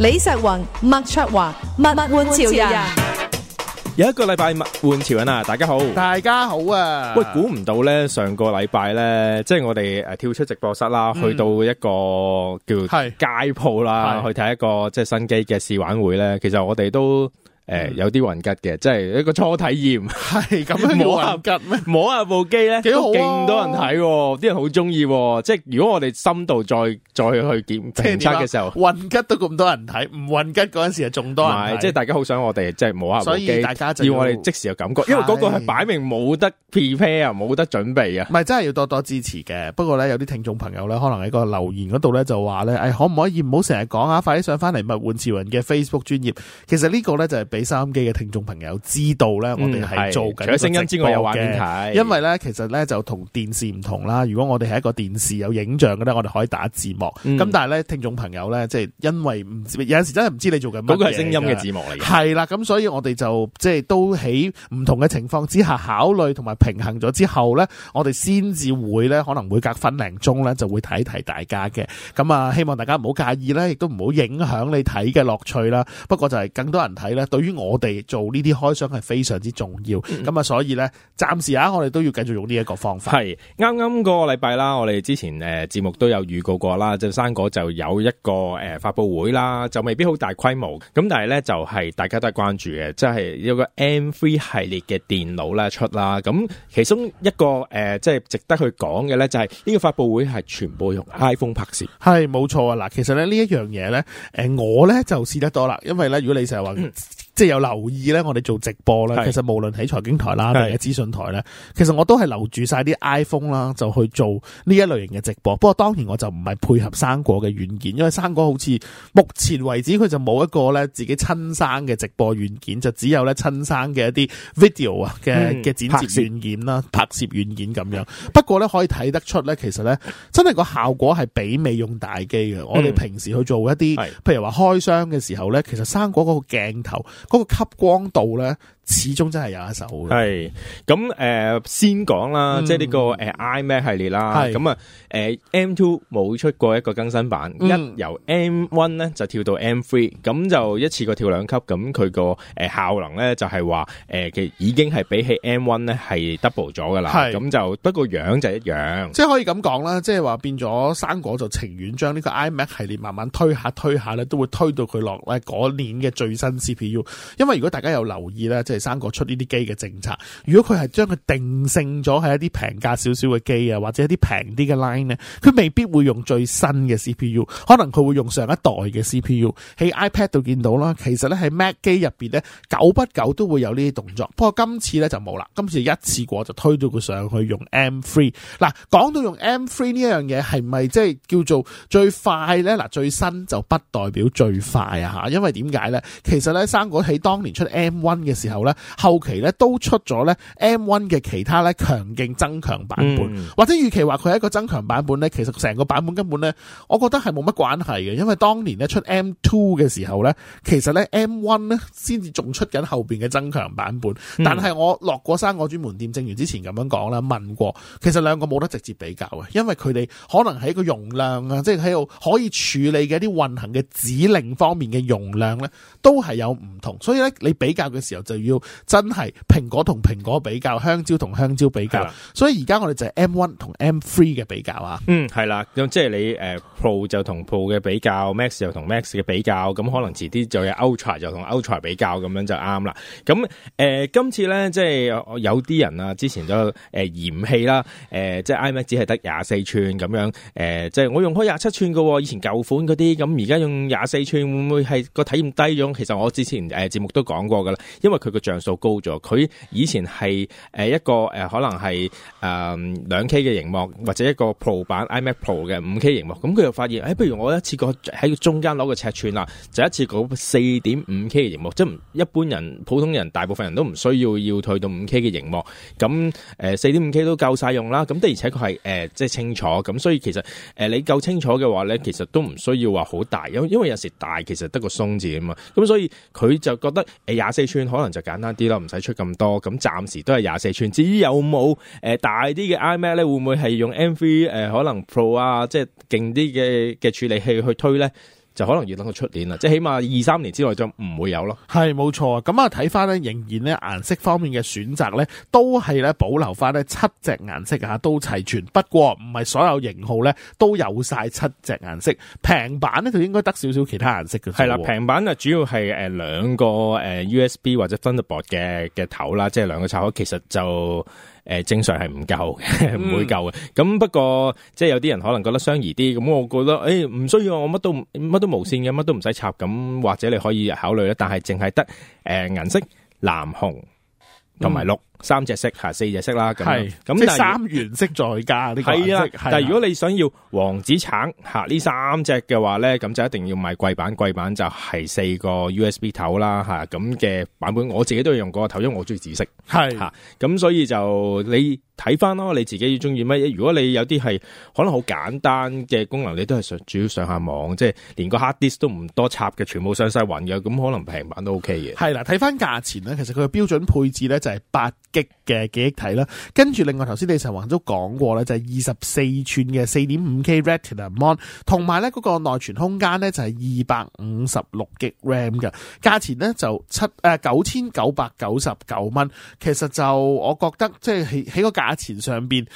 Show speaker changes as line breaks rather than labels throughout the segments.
李石雲、麥卓華，物玩潮人。有
一個禮拜物玩潮人啊！大家好，
大家好啊！喂，
估唔到咧，上個禮拜咧，即係我哋誒跳出直播室啦，去到一個叫街鋪啦，嗯、去睇一個即係新機嘅試玩會咧。其實我哋都。誒、欸、有啲混吉嘅，即係一個初體驗，係
咁樣冇合吉咩？
人摸下部機咧，幾好、啊、勁多人睇、哦，啲人好中意。即係如果我哋深度再再去檢評測嘅時候，
混吉都咁多人睇，唔混吉嗰陣時仲多人睇。即係
大家好想我哋即係摸下部機，大家要，要我哋即時有感覺，因為嗰個係擺明冇得 prepare 啊，冇
得準備啊。唔係真係要多多支持嘅。不過咧，有啲聽眾朋友咧，可能喺個留言嗰度咧就話咧，誒、哎、可唔可以唔好成日講啊？快啲上翻嚟物玩潮人嘅 Facebook 專頁。其實個呢個咧就係俾。俾收音機嘅聽眾朋友知道咧，我哋係做緊，除咗聲音之外有畫面睇，因為咧其實咧就同電視唔同啦。如果我哋係一個電視有影像嘅咧，我哋可以打字幕。咁但係咧聽眾朋友咧，即係因為唔知有陣時真係唔知你做緊咩，咁個係聲音嘅字幕嚟。係啦，咁所以我哋就即係都喺唔同嘅情況之下考慮同埋平衡咗之後咧，我哋先至會咧可能會隔分零鐘咧就會睇睇大家嘅。咁啊，希望大家唔好介意咧，亦都唔好影響你睇嘅樂趣啦。不過就係更多人睇咧，對於。我哋做呢啲開箱係非常之重要，咁啊，所以咧，暫時啊，我哋都要繼續用呢一個方法。係
啱啱個禮拜啦，我哋之前誒節目都有預告過啦，即係生果就有一個誒發佈會啦，就未必好大規模，咁但係咧就係大家都係關注嘅，即係有個 M3 系列嘅電腦咧出啦。咁其
中一個誒，即係值得去講嘅咧，就係呢個發佈會係全部用 iPhone 拍攝，係冇錯啊！嗱，其實咧呢一樣嘢咧，誒我咧就試得多啦，因為咧如果你成日話。即係有留意咧，我哋做直播咧，是其實無論喺財經台啦，或者資訊台咧，其實我都係留住晒啲 iPhone 啦，就去做呢一類型嘅直播。不過當然我就唔係配合生果嘅軟件，因為生果好似目前為止佢就冇一個咧自己親生嘅直播軟件，就只有咧親生嘅一啲 video 啊嘅嘅、嗯、剪接軟件啦，拍攝攝軟件咁樣。不過咧可以睇得出咧，其實咧真係個效果係媲美用大機嘅。嗯、我哋平時去做一啲，譬如話開箱嘅時候咧，其實生果嗰個鏡頭。嗰個吸光度咧。始終真係有一手嘅。係
咁誒，先講啦，嗯、即係、這、呢個誒、呃、iMac 系列啦。咁啊是，誒 M2 冇出過一個更新版，嗯、一由 M1 咧就跳到 M3，咁就一次過跳兩級，咁佢個誒效能咧就係話誒，其、呃、實已經係比起 M1 咧係 double 咗
噶啦。咁是就不過樣就一樣，即係可以咁講啦，即係話變咗生果就情願將呢個 iMac 系列慢慢推下推下咧，都會推到佢落嗰年嘅最新 CPU。因為如果大家有留意咧，即係。生果出呢啲機嘅政策，如果佢係將佢定性咗係一啲平價少少嘅機啊，或者一啲平啲嘅 line 咧，佢未必會用最新嘅 CPU，可能佢會用上一代嘅 CPU。喺 iPad 度見到啦，其實咧喺 Mac 機入邊咧，久不久都會有呢啲動作。不過今次咧就冇啦，今次一次過就推到佢上去用 M3。嗱，講到用 M3 呢一樣嘢，係咪即係叫做最快咧？嗱，最新就不代表最快啊！吓，因為點解咧？其實咧，生果喺當年出 M1 嘅時候。後期咧都出咗咧 M one 嘅其他咧強勁增強版本，或者與其話佢係一個增強版本咧，其實成個版本根本咧，我覺得係冇乜關係嘅，因為當年咧出 M two 嘅時候咧，其實咧 M one 咧先至仲出緊後邊嘅增強版本，但係我落過山，我專門店正如之前咁樣講啦，問過其實兩個冇得直接比較嘅，因為佢哋可能係一個容量啊，即係喺度可以處理嘅一啲運行嘅指令方面嘅容量咧，都係有唔同，所以咧你比較嘅時候就要。要真係蘋果同蘋果比較，香蕉同香蕉比較，的所以而家我哋就係 M one 同 M three 嘅比較啊。
嗯，係啦，即係你誒 Pro 就同 Pro 嘅比較，Max 就同 Max 嘅比較，咁可能遲啲就有 Ultra 就同 Ultra 比較，咁樣就啱啦。咁誒、呃，今次咧即係有啲人啊，之前都誒嫌棄啦，誒、呃，即係 iMac 只係得廿四寸咁樣，誒、呃，即係我用開廿七寸個以前舊款嗰啲咁，而家用廿四寸會唔會係個體驗低咗？其實我之前誒節、呃、目都講過噶啦，因為佢個像素高咗，佢以前係誒一個誒可能係誒兩 K 嘅熒幕，或者一個 Pro 版 iMac Pro 嘅五 K 熒幕，咁佢又發現誒不、哎、如我一次過喺中間攞個尺寸啦，就一次過四點五 K 嘅螢幕，即、就、係、是、一般人普通人大部分人都唔需要要退到五 K 嘅熒幕，咁誒四點五 K 都夠晒用啦。咁的而且確係誒即係清楚，咁所以其實誒、呃、你夠清楚嘅話咧，其實都唔需要話好大，因因為有時大其實得個鬆字啊嘛，咁所以佢就覺得誒廿四寸可能就。簡單啲咯，唔使出咁多，咁暫時都係廿四吋。至於有冇、呃、大啲嘅 iMac 咧，會唔會係用 M3、呃、可能 Pro 啊，即係勁啲嘅嘅處理器去推咧？就可能要等佢出年啦，即係起碼二三年之內就唔會有咯。係
冇錯啊，咁啊睇翻咧，仍然咧顏色方面嘅選擇咧，都係咧保留翻咧七隻顏色吓都齊全。不過唔係所有型號咧都有晒七隻顏色。平板咧就應該得少少其他顏色嘅。係啦，平板啊主要係誒兩個
誒 USB 或者 Thunderbolt 嘅嘅頭啦，即係兩個插口，其實就。誒，正常係唔夠嘅，唔 會夠嘅。咁、嗯、不過即係有啲人可能覺得相宜啲，咁我覺得誒唔、欸、需要，我乜都乜都無線嘅，乜都唔使插。咁或者你可以考慮啦，但係淨係得誒銀色、藍、紅同埋綠。嗯三隻色吓，四隻色啦。係咁是，樣即係三
原色再加呢個色。但係如果
你想要黃紫橙、紫、啊、橙吓呢三隻嘅話咧，咁就一定要買貴版。貴版就係四個 USB 頭啦吓，咁嘅版本我自己都要用嗰個頭，因為我中意紫色。係吓是，咁所以就你。睇翻咯，你自己要中意咩？如果你有啲係可能好簡單嘅功能，你都係上主要上下網，即係連個 hard disk 都唔多插嘅，全部上晒雲嘅，咁可能平板都 OK 嘅。
係啦，睇翻價錢咧，其實佢嘅標準配置咧就係八 G 嘅記憶體啦，跟住另外頭先李陳宏都講過咧，就係二十四吋嘅四點五 K Retina Mon，同埋咧嗰個內存空間咧就係二百五十六 G RAM 嘅，價錢呢就七誒九千九百九十九蚊。其實就我覺得即係喺起個價。價錢上邊。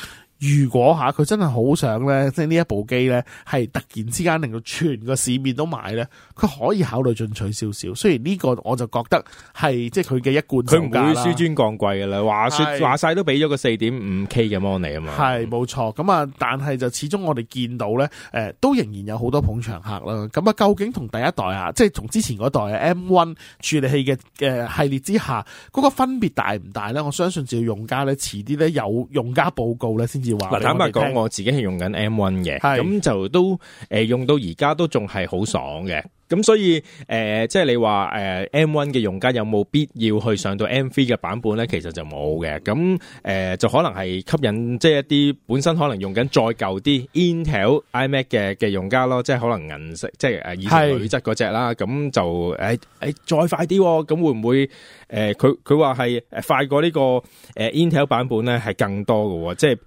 如果吓佢真係好想咧，即係呢一部機咧，係突然之間令到全個市面都買咧，佢可以考慮進取少少。雖然呢個我就覺得係即係佢嘅一貫，佢唔會紆尊降貴嘅啦。話說是話晒都俾咗個四點五 K 嘅 money 啊嘛，係冇錯，咁啊，但係就始終我哋見到咧，誒都仍然有好多捧場客啦。咁啊，究竟同第一代啊，即係同之前嗰代 M1 處理器嘅嘅系列之下，嗰個分別大唔大咧？我相信就要用家咧，遲啲咧有用家報告咧先。嗱，坦白講，我自己係用緊 M one 嘅，咁是就都誒、
呃、用到而家都仲係好爽嘅。咁所以誒、呃，即係你話誒、呃、M one 嘅用家有冇必要去上到 M three 嘅版本咧？其實就冇嘅。咁誒、呃、就可能係吸引即係一啲本身可能用緊再舊啲 Intel iMac 嘅嘅用家咯。即係可能銀色，即係誒、呃、以前鋁質嗰隻啦。咁是就誒誒、哎哎、再快啲、哦，咁會唔會誒佢佢話係誒快過呢、這個誒、呃、Intel 版本咧？係更多嘅、哦，即係。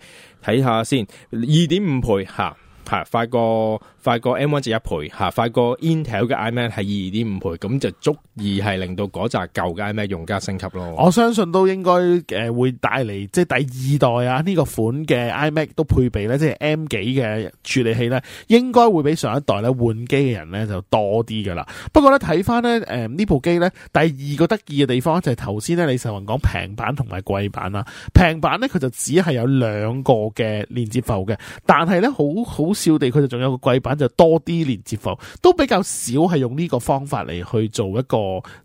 睇下先，二點五倍嚇嚇，快、啊、過，啊快過 M1 只一倍嚇，快過 Intel 嘅 iMac 係二點五倍，咁就足以係令到嗰
紮舊嘅 iMac 用家升級咯。我相信都應該誒會帶嚟，即係第二代啊呢個款嘅 iMac 都配備咧，即係 M 幾嘅處理器咧，應該會比上一代咧換機嘅人咧就多啲㗎啦。不過咧睇翻咧誒呢部機咧，第二個得意嘅地方就係頭先咧，李壽雲講平板同埋貴版啦。平板咧佢就只係有兩個嘅連接埠嘅，但係咧好好笑地佢就仲有個貴版。就多啲連接埠，都比較少係用呢個方法嚟，去做一個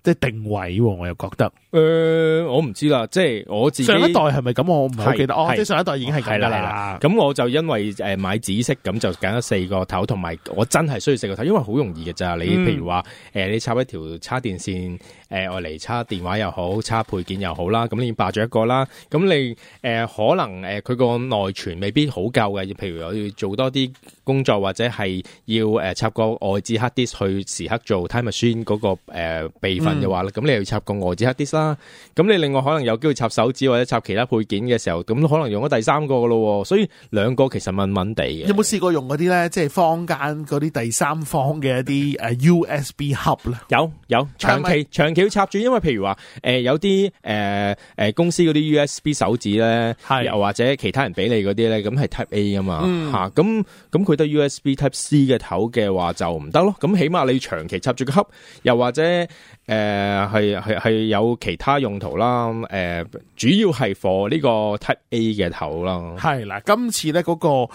即係定位，啊。我又覺得，
誒、呃，我唔知啦，即係我自己上一代係咪咁，我唔係好記得。是哦，即係是上一代已經係咁噶啦。咁我就因為誒買紫色，咁就揀咗四個頭，同埋我真係需要四個頭，因為好容易嘅咋。嗯、你譬如話，誒、呃，你插一條叉電線。誒外嚟插電話又好，插配件又好啦，咁你霸咗一個啦。咁你、呃、可能佢個、呃、內存未必好夠嘅，譬如我要做多啲工作或者係要插個外置 hard disk 去時刻做 time machine 嗰、那個備、呃、備份嘅話，咁你又要插個外置 hard disk 啦。咁你另外可能有機會插手指或者插其他配件嘅時候，咁可能用咗第三個嘅咯。所以兩個其實問問地嘅。有
冇試過用嗰啲咧？即係坊間嗰啲第三方嘅一啲、 uh, USB hub 咧？有有長期長期。是要插
住，因為譬如話誒、呃、有啲誒誒公司嗰啲 USB 手指咧，是又或者其他人俾你嗰啲咧，咁係 Type A 啊嘛，吓咁咁佢得 USB Type C 嘅頭嘅話就唔得咯。咁起碼你長期插住個盒，又或者誒係係係有其他用途啦。誒、呃、主要係 for 呢個 Type A 嘅
頭啦。係啦，今次咧嗰個誒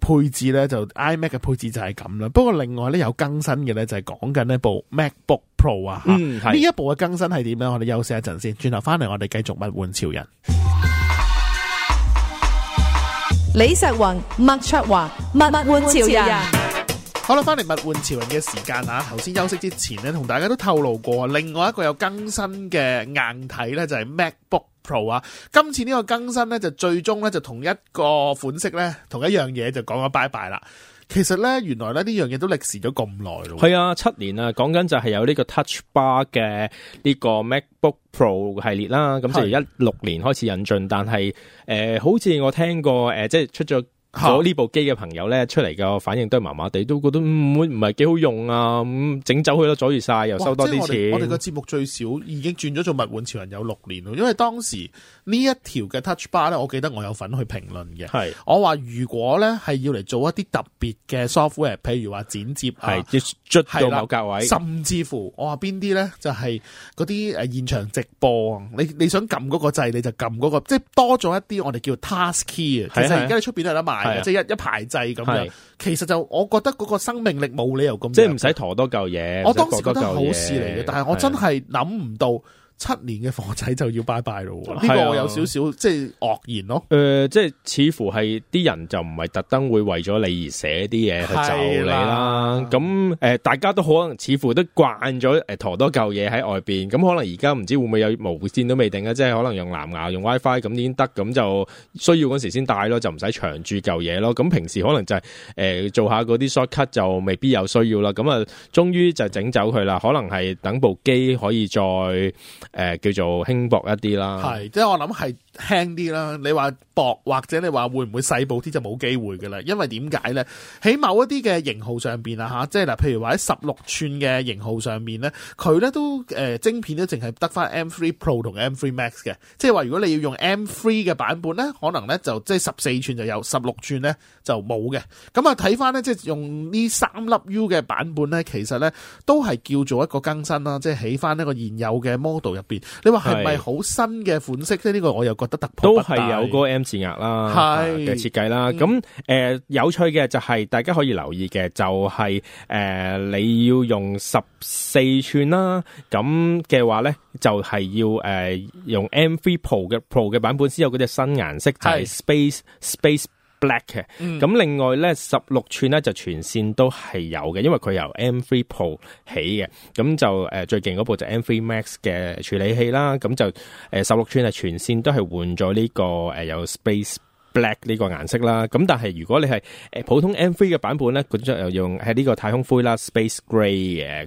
配置咧就 iMac 嘅配置就係咁啦。不過另外咧有更新嘅咧就係講緊呢部 MacBook。Pro 啊，嗯，係呢一部嘅更新係點樣？我哋休息一陣先，轉頭翻嚟我哋繼續物玩潮人。李石雲、麥卓華、物玩潮人。好啦，翻嚟物玩潮人嘅時間啊，頭先休息之前咧，同大家都透露過，另外一個有更新嘅硬體咧，就係 MacBook Pro 啊。今次呢個更新咧，就最終咧就同一個款式咧，同一樣嘢就講咗拜拜啦。其實咧，原來咧呢樣嘢都歷時咗咁耐咯。係
啊，七年啊，講緊就係有呢個 Touch Bar 嘅呢個 MacBook Pro 系列啦。咁是就一六年開始引進，但係誒、呃，好似我聽過誒，即、呃、係、就是、出咗。咗呢部機嘅朋友咧，出嚟嘅反應都係麻麻地，都覺得唔會唔係幾好用啊！咁、嗯、整走佢啦阻住晒又收多啲錢。我哋個
節目最少已經轉咗做物玩潮人有六年咯，因為當時呢一條嘅 Touch Bar 咧，我記得我有份去評論嘅。係是我話如果咧係要嚟做一啲特別嘅 software，譬如話剪接啊，要捽到某格位，甚至乎我話邊啲咧就係嗰啲誒現場直播啊！你你想撳嗰個掣，你就撳嗰、嗰個，即係多咗一啲我哋叫 task key 啊！其實而家喺出邊有得賣。即係一一排掣咁樣，的其實就我覺得嗰個生命力冇理由咁。即係唔使陀多嚿嘢。我當時覺得是好事嚟嘅，是的但係我真係諗唔到。七年嘅房仔就要拜拜咯，啊、是咯，呢個有少
少即係愕然咯。誒，即係似乎係啲人就唔係特登會為咗你而寫啲嘢，啊、去就你啦。咁、呃、大家都可能似乎都慣咗誒，呃、陀多舊嘢喺外邊。咁、嗯、可能而家唔知會唔會有無線都未定啊，即係可能用藍牙，用 WiFi 咁已經得。咁就需要嗰時先帶咯，就唔使長住舊嘢咯。咁平時可能就係，是呃、做下嗰啲 short cut 就未必有需要啦。咁啊，終於就整走佢啦。可能係等部機可以再。誒、呃、叫做輕薄一啲啦，係即係我
諗係輕啲啦。你話。或者你話會唔會細部啲就冇機會噶啦，因為點解呢？喺某一啲嘅型號上邊啊吓，即係嗱，譬如話喺十六寸嘅型號上面呢，佢呢都誒晶片，呢淨係得翻 M3 Pro 同 M3 Max 嘅，即係話如果你要用 M3 嘅版本呢，可能呢就即係十四寸就有，十六寸呢，就冇嘅。咁啊睇翻呢，即係用呢三粒 U 嘅版本呢，其實呢都係叫做一個更新啦，即係起翻一個現有嘅 model 入邊，你話係咪好新嘅款式？即係呢個我又覺得特都係有個、
M 字壓啦嘅設計啦，咁、呃、有趣嘅就係、是、大家可以留意嘅就係、是、誒、呃、你要用十四吋啦，咁嘅話呢就係、是、要誒、呃、用 M3 Pro 嘅 Pro 嘅版本先有嗰隻新顏色是就係 Space Space black 嘅，咁另外咧十六寸咧就全線都係有嘅，因為佢由 M3 Pro 起嘅，咁就誒最勁嗰部就是 M3 Max 嘅處理器啦，咁就誒十六寸係全線都係換咗呢個誒有 Space。black 呢個顏色啦，咁但係如果你係誒普通 M3 嘅版本咧，佢將又用係呢個太空灰啦，space grey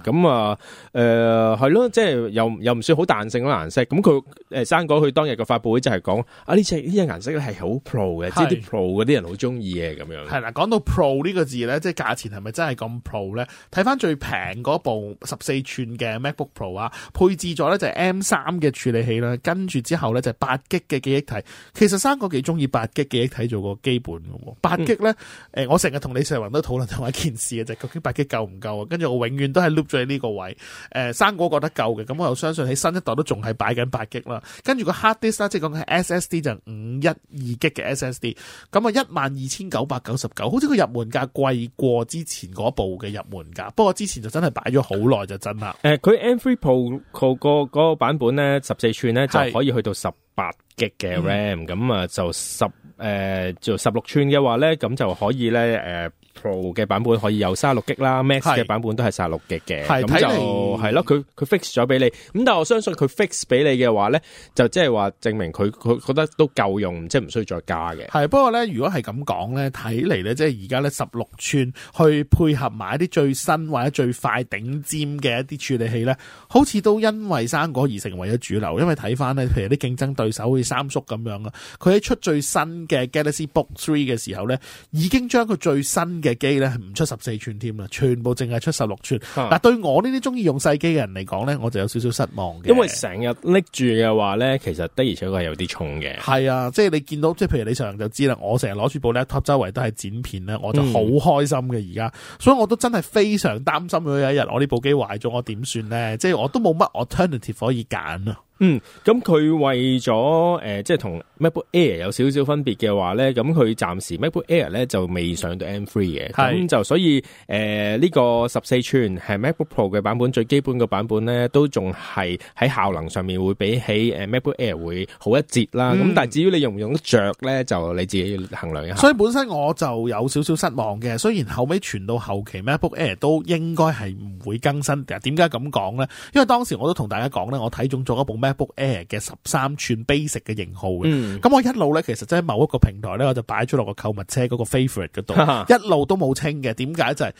嘅，咁啊誒係咯，即係又又唔算好彈性嘅顏色，咁佢誒生果佢當日嘅發布會就係講啊呢隻呢隻顏色係好 pro 嘅是，即係啲 pro 嗰啲人好中意嘅咁樣。係
啦，講到 pro 呢個字咧，即係價錢係咪真係咁 pro 咧？睇翻最平嗰部十四寸嘅 MacBook Pro 啊，配置咗咧就係 M 三嘅處理器啦，跟住之後咧就係八 G 嘅記憶體，其實生果幾中意八 G。記憶體做個基本喎，八 G 呢，誒、嗯呃，我成日同李世宏都討論同一件事嘅，就究竟八 G 夠唔夠啊？跟住我永遠都係 loop 咗喺呢個位，誒、呃，生果覺得夠嘅，咁我又相信喺新一代都仲係擺緊八 G 啦。跟住個 hard disk 啦，即係講緊係 SSD 就五一二 G 嘅 SSD，咁啊一萬二千九百九十九，好似佢入門價貴過之前嗰部嘅入門價，不過之前就真係擺咗好耐就真啦。
誒、呃，佢 M3 Pro 個嗰個版本呢，十四寸呢，就可以去到十。八 G 嘅 RAM，咁啊就十，誒、呃、就十六寸嘅話咧，咁就可以咧，誒、呃。Pro 嘅版本可以有卅六 G 啦，Max 嘅版本都係卅六 G 嘅，咁是就係咯，佢佢 fix 咗俾你。咁但係我相信佢 fix 俾你嘅話咧，就即係話證明佢佢覺得都夠用，即係唔需要再加
嘅。係不過咧，如果係咁講咧，睇嚟咧，即係而家咧十六吋去配合埋一啲最新或者最快頂尖嘅一啲處理器咧，好似都因為生果而成為咗主流。因為睇翻咧，譬如啲競爭對手好似三叔咁樣啊，佢喺出最新嘅 Galaxy Book Three 嘅時候咧，已經將佢最新嘅機咧唔出十四寸添啦，全部淨係出十六寸。啊、但對我呢啲中意用細機嘅人嚟講咧，我就有少少失望嘅。因為
成日拎住嘅話咧，其實的而且確係有啲重嘅。
係啊，即係你見到，即係譬如你上堂就知啦。我成日攞住部 laptop 周圍都係剪片咧，我就好開心嘅而家。嗯、所以我都真係非常擔心有一日我呢部機壞咗，我點算咧？即係我都冇乜 alternative 可以揀啊。嗯，咁佢為咗誒、呃，即係同 MacBook Air 有少少分別嘅
話咧，咁佢暫時 MacBook Air 咧就未上到 M3 嘅，咁是就所以誒呢、呃這個十四寸係 MacBook Pro 嘅版本最基本嘅版本咧，都仲係喺效能上面會比起誒 MacBook Air 會好一截啦。咁、嗯、但係至於你用唔用得着咧，就你自己要衡量一下。所以
本身我就有少少失望嘅，雖然後屘傳到後期 MacBook Air 都應該係唔會更新。點解咁講？咧？因為當時我都同大家講咧，我睇中咗一部。MacBook Air 嘅十三寸 basic 嘅型號嘅，咁我一路咧，其實即係某一個平台咧，我就擺咗落個購物車嗰個 favorite 嗰度，一路都冇清嘅。點解就係、是？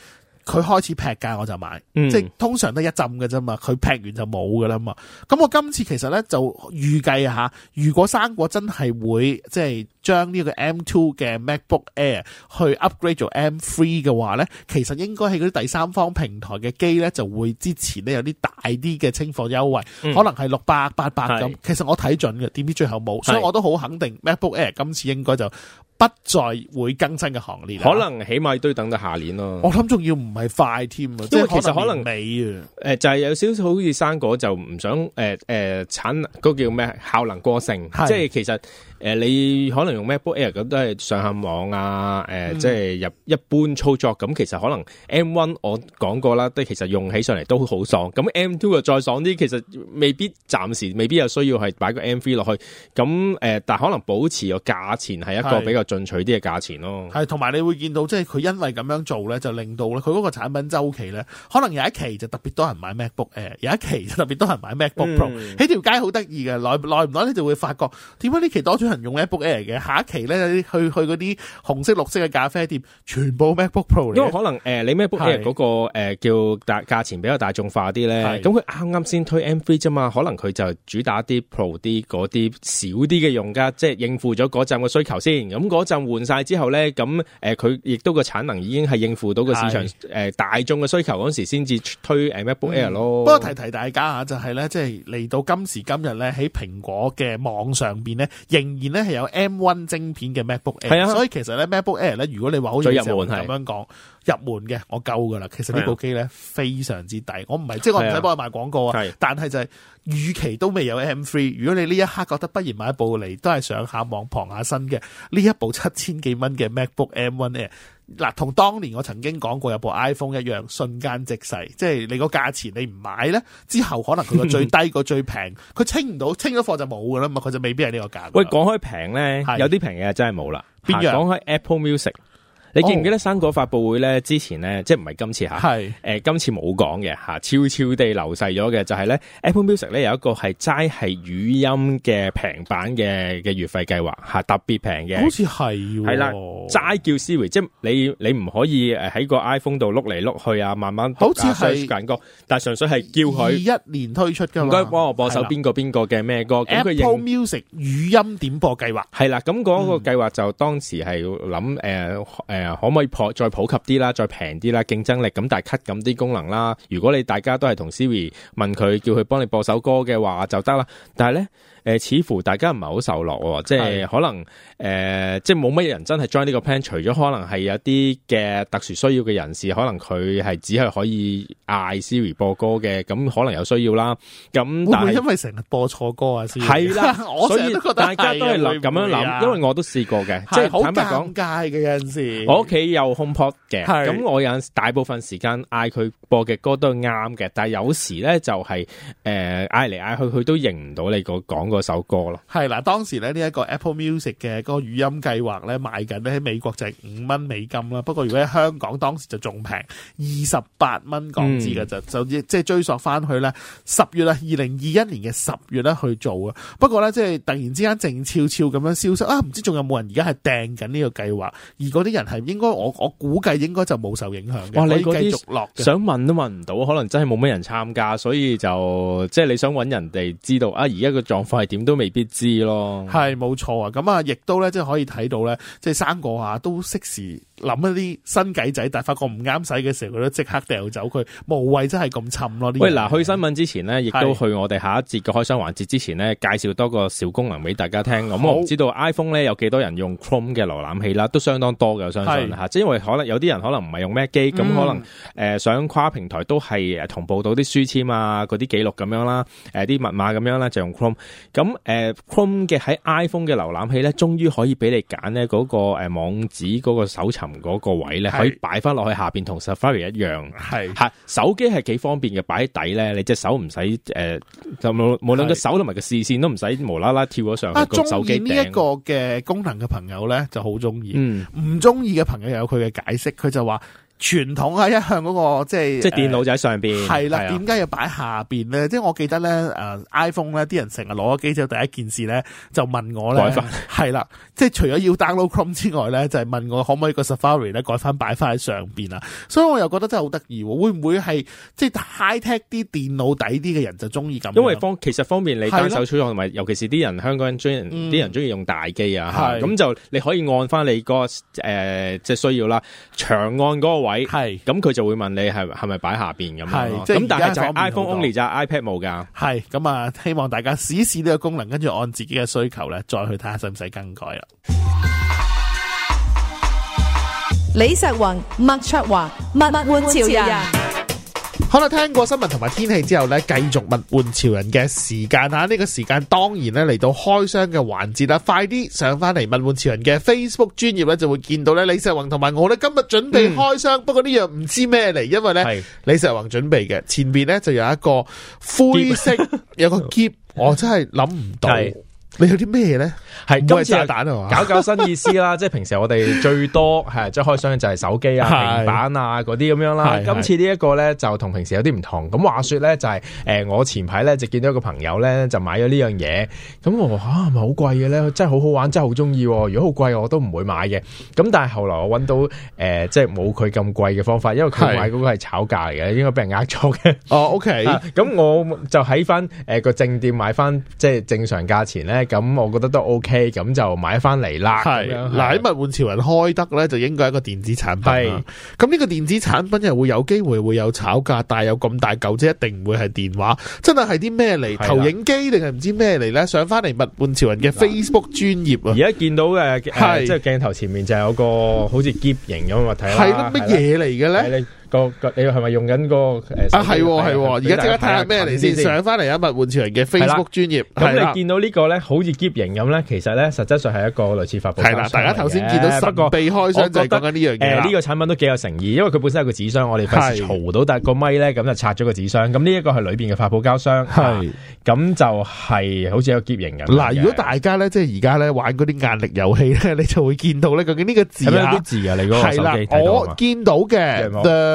佢開始劈價我就買，即係、嗯、通常得一浸嘅啫嘛。佢劈完就冇㗎啦嘛。咁我今次其實呢就預計下，如果生果真係會即係將呢個 M2 嘅 MacBook Air 去 upgrade 做 M3 嘅話呢，其實應該係嗰啲第三方平台嘅機呢，就會之前呢有啲大啲嘅清貨優惠，嗯、可能係六百八百咁。其實我睇準嘅，點知最後冇，的所以我都好肯定 MacBook Air 今次應該就。不再會更新嘅行列，可能起碼都要等到下年咯。我諗仲要唔係
快添啊，即係其實可能尾啊。誒底、呃，就係、是、有少少好似生果，就唔想誒誒、呃呃、產嗰、那個、叫咩效能過剩，的即係其實。誒、呃、你可能用 MacBook Air 咁都係上下網啊，誒、呃嗯、即係入一般操作咁，其實可能 M1 我講過啦，都其實用起上嚟都好爽。咁 M2 啊再爽啲，其實未必暫時未必有需要係擺個 M3 落去。咁誒，但係可能保持個價錢係一個比較進取啲嘅價錢咯。
係同埋你會見到即係佢因為咁樣做咧，就令到咧佢嗰個產品周期咧，可能有一期就特別多人買 MacBook Air 有一期就特別多人買 MacBook Pro，喺、嗯、條街好得意嘅。耐耐唔耐你就會發覺點解呢期多咗用 MacBook Air 嘅，下一期咧去去嗰啲紅色、綠色嘅咖啡店，全部 MacBook Pro 嚟。因為可能誒、呃，你 MacBook Air 嗰、
嗰個叫大是、呃、價錢比較大眾化啲咧，咁佢啱啱先推 M3 啫嘛，可能佢就主打啲 Pro 啲嗰啲少啲嘅用家，即係應付咗嗰陣嘅需求先。咁嗰陣換曬之後咧，咁誒佢亦都個產能已經係應付到個市場誒是、呃、大眾嘅需求嗰陣時先至推 MacBook Air 咯。呃、不過提提
大家嚇，就係、是、咧，即係嚟到今時今日咧，喺蘋果嘅網上邊咧應。而咧係有 M1 晶片嘅 MacBook Air，啊、所以其實咧 MacBook Air 咧，如果你話好似我咁樣講，入門嘅我夠噶啦。其實呢部機咧非常之抵，啊、我唔係即係我唔使幫佢賣廣告啊。但係就係預期都未有 M3。如果你呢一刻覺得不如買部嚟都係上下網傍下身嘅呢一部七千幾蚊嘅 MacBook M1 Air。嗱，同當年我曾經講過有部 iPhone 一樣，瞬間即逝，即係你個價錢你唔買咧，之後可能佢個最低個最平，佢清唔到，清咗貨就冇噶啦嘛，佢就未必係呢個價。喂，講開平咧，有啲平嘢，真係冇
啦。邊樣？講開 Apple Music。你記唔記得生果發佈會咧？之前咧，即係唔係今次嚇？係誒，今次冇講嘅嚇，悄悄地流逝咗嘅，就係咧，Apple Music 咧，有一個係齋係語音嘅平版嘅嘅月費計劃嚇，特別平嘅，好似係喎，係啦，齋叫 Siri，即係你你唔可以誒喺個 iPhone 度碌嚟碌去啊，慢慢好似係揀歌，但係純粹係叫佢。二一
年推出㗎嘛，唔該幫我播首邊
個邊個嘅咩歌？Apple
Music 語
音點播計劃係啦，咁嗰個計劃就當時係諗誒誒。可唔可以再普及啲啦，再平啲啦，競爭力咁，但係 cut 咁啲功能啦。如果你大家都係同 Siri 問佢，叫佢幫你播首歌嘅話，就得啦。但係呢。誒、呃、似乎大家唔係好受落喎，即係是可能誒、呃，即係冇乜人真係 join 呢個 plan，除咗可能係有啲嘅特殊需要嘅人士，可能佢係只係可以嗌 Siri 播歌嘅，咁可能有需要啦。咁但係因為成日播錯歌啊 Siri 係啦，我成日都覺得大家都係諗咁樣諗、 啊，因為我都試過嘅， 是即係坦白
講，尷尬嘅有陣時。我屋
企有 homepod 嘅，咁是我有大部分時間嗌佢播嘅歌都係啱嘅，但係有時咧就係誒嗌嚟嗌去,去，佢都認唔到你、那個講。嗰首歌咯，
係啦，當時咧呢一個 Apple Music 嘅嗰個語音計劃咧賣緊咧，喺美國就係五蚊美金啦，不過如果喺香港當時就仲平，二十八蚊港紙㗎。嗯、就即係追溯翻去咧，十月啦，二零二一年嘅十月咧去做啊。不過咧即係突然之間靜悄悄咁樣消失啊，唔知仲有冇人而家係訂緊呢個計劃，而嗰啲人係應該我我估計應該就冇受影響嘅。哇，你繼續落，
想問都問唔到，可能真係冇乜人參加，所以就即係、就是、你想揾人哋知
道啊，而家個狀況。點都未必知咯，係冇錯啊！咁啊，亦都咧，即係可以睇到咧，即係三個啊，都適時。諗一啲新計仔，但係發覺唔啱使嘅時候，佢都即刻掉走佢，無謂真係咁沉咯、呢。喂，嗱，去
新聞之前呢，亦都去我哋下一節嘅開箱環節之前呢，介紹多個小功能俾大家聽。咁好我唔知道 iPhone 咧有幾多人用 Chrome 嘅瀏覽器啦，都相當多嘅，我相信吓。即係是因為可能有啲人、嗯、可能唔係用 Mac 機，咁可能誒想跨平台都係誒同步到啲書籤啊，嗰啲記錄咁樣啦，誒啲密碼咁樣啦，就用 Chr、呃、Chrome。咁誒 Chrome 嘅喺 iPhone 嘅瀏覽器咧，終於可以俾你揀呢嗰個誒網址嗰個搜尋。個位咧可以擺翻落去下邊，同 Safari 一樣，係吓手機係幾方便嘅，擺喺底咧，你隻手唔使誒，就冇無論個手同埋個視線都唔使無啦啦跳咗上去手機。中意呢一個
嘅功能嘅朋友咧就好中意，唔中意嘅朋友有佢嘅解釋，佢就話。傳統啊，一向嗰、那個、就是、即係即係電腦就喺上邊，係啦的。點解的要擺下邊咧？即係的我記得咧，誒、呃、，iPhone 咧，啲人成日攞機之後第一件事咧，就問我咧，係啦回，即係除咗要 download Chrome 之外咧，就係、是、問我可唔可以個 Safari 咧改翻擺翻喺上邊啊？所以我又覺得真係好得意，會唔會係即係 high tech 啲電腦底啲嘅人就中意咁？因為方其實方便
你單手操作，同埋的尤其是啲人香港人啲、嗯、人中意用大機啊，咁的的就你可以按翻你個誒即係需要啦，長按嗰個。位係，咁佢就會問你係
係咪擺下邊咁樣，係咁大家就，係、就 iPhone only 係 iPad 冇噶。係咁啊，希望大家試一試呢個功能，跟住按自己嘅需求咧，再去睇下使唔使更改啦。李石雲、麥卓華、物玩潮人。好啦，聽過新聞同埋天氣之後呢繼續物玩潮人嘅時間吓，呢、這個時間當然咧嚟到開箱嘅環節啦，快啲上返嚟物玩潮人嘅 Facebook 專頁咧，就會見到咧李石宏同埋我呢今日準備開箱，嗯、不過呢樣唔知咩嚟，因為呢係李石宏準備嘅前面呢，就有一個灰色有個喼我真係諗唔到。你有啲咩咧？係是今次蛋啊嘛，搞搞新意
思啦！ 即係平時我哋最多係即係開箱嘅就係手機啊、是平板啊嗰啲咁樣啦。是今次呢一個咧就同平時有啲唔同。咁是話說咧就係、是、誒、呃，我前排咧就見到一個朋友咧就買咗、啊、呢樣嘢。咁我吓係咪好貴嘅咧？真係好好玩，真係好中意。如果好貴我都唔會買嘅。咁但係後來我搵到誒、呃，即係冇佢咁貴嘅方法，因為佢買嗰個係炒價嚟嘅，應該俾人呃咗嘅。是 哦，OK、啊。咁我就喺翻誒個正店買翻即係正常價錢咧。咁我覺得都 OK，咁就買翻嚟啦。係嗱是，喺
物玩潮人開得咧，就應該係一個電子產品。咁呢是個電子產品又會有機會會有炒價，但係有咁大嚿，即一定唔會係電話，真係係啲咩嚟？的投影機定係唔知咩嚟咧？上翻嚟物玩潮人嘅 Facebook 專頁啊！而家見到嘅係、呃、是即係鏡頭前面就有個好似碟形咁物體睇係係咩嘢嚟嘅咧？個你係咪用緊個誒？啊，係係，而家即刻睇下咩嚟先，上翻嚟物玩潮人嘅 Facebook 專頁。咁你見
到呢個咧，好似喼型咁咧，其實咧，實質上係一個類似發泡膠。係啦，大家頭先見到收避開箱就講
緊呢樣嘢。呢
個產品都幾有誠意，因為佢本身有個紙箱，我哋嘈到大個咪咧，咁就拆咗個紙箱。咁呢一個係裏邊嘅發泡膠箱。係，咁就
係好似有個喼型咁。嗱，如果大家咧，即係而家咧玩嗰啲壓力遊戲咧，你就會見到咧，究竟呢個字有啲字啊？你個手機我見到嘅。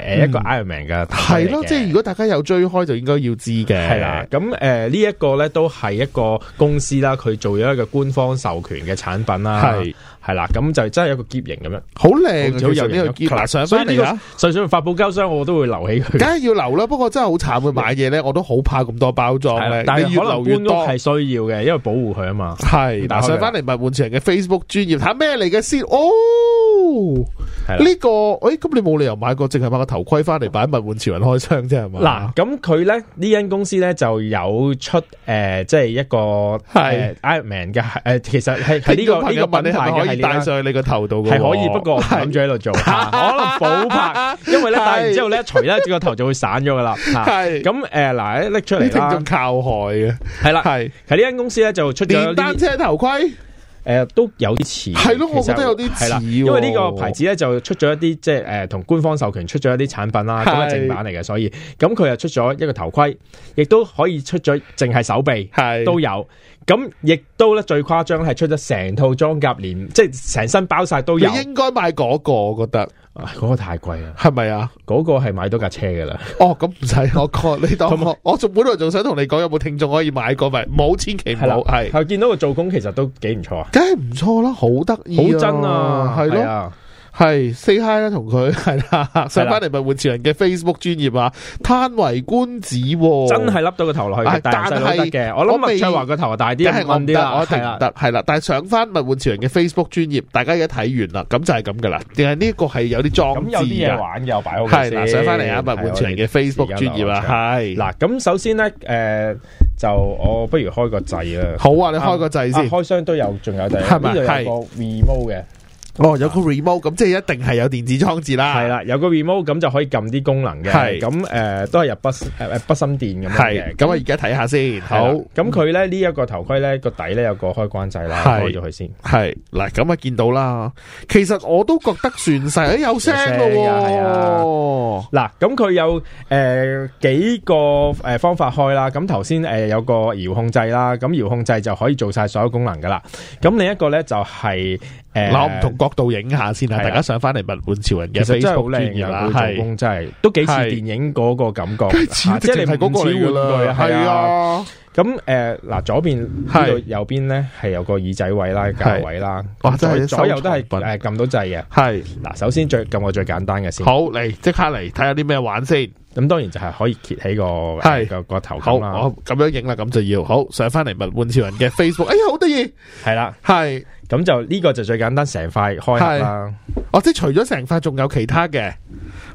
誒，嗯、一個 Iron Man 嘅係咯，即係如果大家有追開就應該要知
嘅。係啦的，咁誒呢一個咧都係一個公司啦，佢做咗一個官方授權嘅產品啦，係係啦，咁就真係一個結型咁樣，
好靚，就由呢個結。嗱，所以呢、這個、上上以想發布膠箱我都會留起佢。梗係要留啦，不過真係好慘嘅買嘢咧，我都好怕咁多包裝。但係的越留越多係需要嘅，因為保護佢啊嘛。係嗱，上翻嚟咪換成人嘅 Facebook 專業，睇咩嚟嘅先？哦。呢個誒，咁你冇理由買個，淨係買個頭盔翻嚟擺喺物玩潮人開箱啫，係嘛？嗱，
咁佢咧呢間公司咧就有出誒，即係一個係 Iron Man 嘅，誒，其實係係呢個呢個品，你係可以戴上去你個頭度嘅，係可以，不過我諗住喺度做，可
能補拍。因為咧戴完之後
咧，除咧個頭就會散咗噶啦。係咁誒，嗱，搦出嚟靠害嘅，係啦，係，係呢間公司咧就出單車頭盔誒、呃，都有啲似係咯，的實我覺得有啲似。因為個呢個牌子咧就出咗一啲即係誒，同、呃、官方授權出咗一啲產品啦，都係是的 正版嚟嘅。所以咁佢又出咗一個頭盔，亦都可以出咗淨係手臂，係是的 都有。咁亦都咧最誇張係出咗成套裝甲連，即係成身包晒都有。你應
該買嗰、那個，我覺得。嗰、那個太貴啦，係咪啊？嗰個係買多架車噶啦。哦，咁唔使我講，你當我 我仲本來仲想同你講，有冇聽眾可以買過咪？冇千祈冇。係啦了，係見是到個做工其實都幾唔錯啊，梗係唔錯啦，好得意，好真啊，係咯、啊。係 say hi 啦，同佢係啦，上翻嚟物玩潮人嘅 Facebook 專頁啊，嘆為觀止，真係笠到個頭落去。但係嘅，我諗再華個頭大啲，梗係我唔得，我一定唔得，係啦。但係上翻物玩潮人嘅 Facebook 專頁，大家而家睇完啦，咁就係咁噶啦。定係呢個係有啲裝置，有啲嘢玩
又擺好。係嗱，上翻嚟啊，物玩潮人嘅 Facebook 專頁啊，係嗱。咁首先咧，誒，就我不如開個掣啊。好啊，你開個掣先。開箱都有，仲有第，呢度有個 remote 嘅。哦，有個 remote 咁，即係一定係有電子裝置啦。係啦，有個 remote 咁就可以撳啲功能嘅。係咁誒，都係入筆誒筆芯電咁樣嘅。係咁，我而家睇下先。好，咁佢咧，呢一個頭盔咧，個底咧有個開關掣啦。係開咗佢先。係嗱，咁啊，見到啦。其實我都覺得船勢有聲嘅。係啊。嗱，咁佢有誒幾個誒方法開啦。咁頭先誒有個遙控掣啦。咁遙控掣就可以做晒所有功能噶啦。咁另一個咧就係。誒，嗱、我唔同角度影下先啦，啊、大家上翻嚟《物玩潮人》，其實真係好專業啦，係做工是真係都幾似電影嗰個感覺，即係你係嗰個了，係啊。咁誒，嗱，左邊右邊咧係有個耳仔位啦，夾位啦。哇，即係左右都係誒撳到掣嘅。係，嗱，首先最撳個最簡單嘅先。好，嚟即刻嚟睇下啲咩玩先。咁當然就係可以揭起個個個頭啦。咁樣影啦，咁就要好上翻嚟物玩潮人嘅 Facebook。哎呀，好得意。係啦，係。咁就呢個就最簡單，成塊開啦。
哦，即除咗成塊，仲有其他嘅。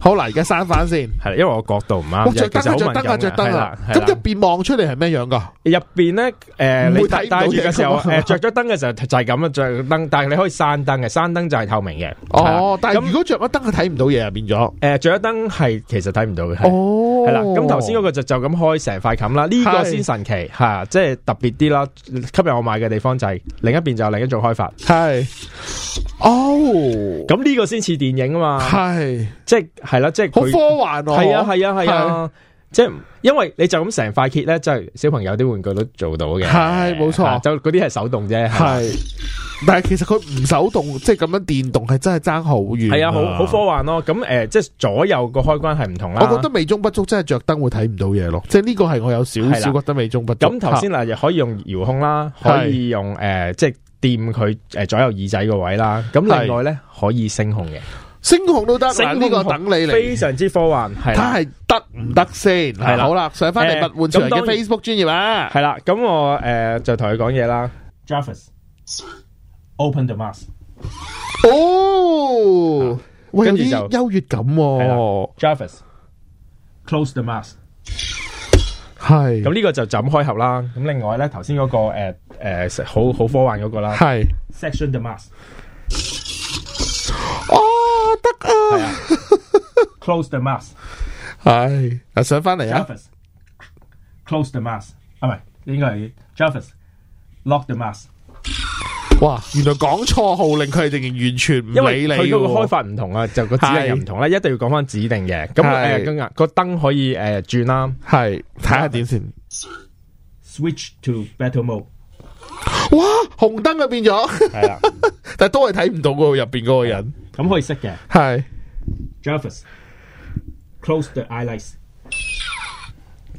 好，啦而家閂返先。係，因為我角度唔啱。着燈啊！着燈着燈啊！咁入邊望出嚟係咩樣噶？入邊咧，誒，你戴住嘅時候，誒，着
咗燈嘅時候就係咁啦，着燈，但係你可以閂燈嘅，閂燈就係透明嘅。哦，但係如果着咗燈，佢睇唔到嘢入變咗。誒，着咗燈係其實睇唔到嘅。哦，係啦。咁頭先嗰個就就咁開成塊冚啦，呢個先神奇吓，即係特別啲啦。吸引我買嘅地方就係另一邊就另一種開發。係。哦。咁呢個先似電影啊嘛。係。即係，係啦，即係。好科幻。係啊，係啊，係啊。即係，因為你就咁成塊揭咧，即係小朋友啲玩具都做到嘅。係，冇錯。啊，就嗰啲係手動啫。係，但係其實佢唔手動，即係咁樣電動，
係真係爭好遠。係啊，好好科
幻咯。咁誒，即係左右個開關係唔同啦。我覺得
美中不足，真係着燈會睇唔到嘢咯。即係呢個係我有少少覺得美中不足。咁頭先
嗱，又可以用遙控啦，可以用誒，即係掂佢誒左右耳仔個位啦。咁另外咧，係，可以聲控嘅。星紅都得，呢個等你嚟，非常之科幻。係，佢係得唔得先？係啦，好啦，上翻嚟物玩潮人嘅 Facebook
專頁啦。
係啦，咁我誒就同佢講嘢啦。
Jarvis，open the mask。哦，跟
住就有啲優越感。Jarvis，close the mask。
係，咁
呢個就就咁開合啦。咁另外咧，頭先嗰個誒誒好好科幻嗰個啦，係 section the mask。係啊，close the mask。
係啊，上翻嚟啊，close the mask。係咪應
該係 Jeffers lock the mask？
哇，原來講錯號令佢哋竟然完全唔理你。佢個開發唔同啊，就個指引又唔
同咧。一定要講翻指
定嘅。咁係今日
個燈可以誒轉啦。係，睇下點先。Switch to battle mode。
哇，紅燈啊變咗。係啊，但係都係睇唔到個入邊嗰個人。咁可以識嘅，係，Jarvis, close the eyelids。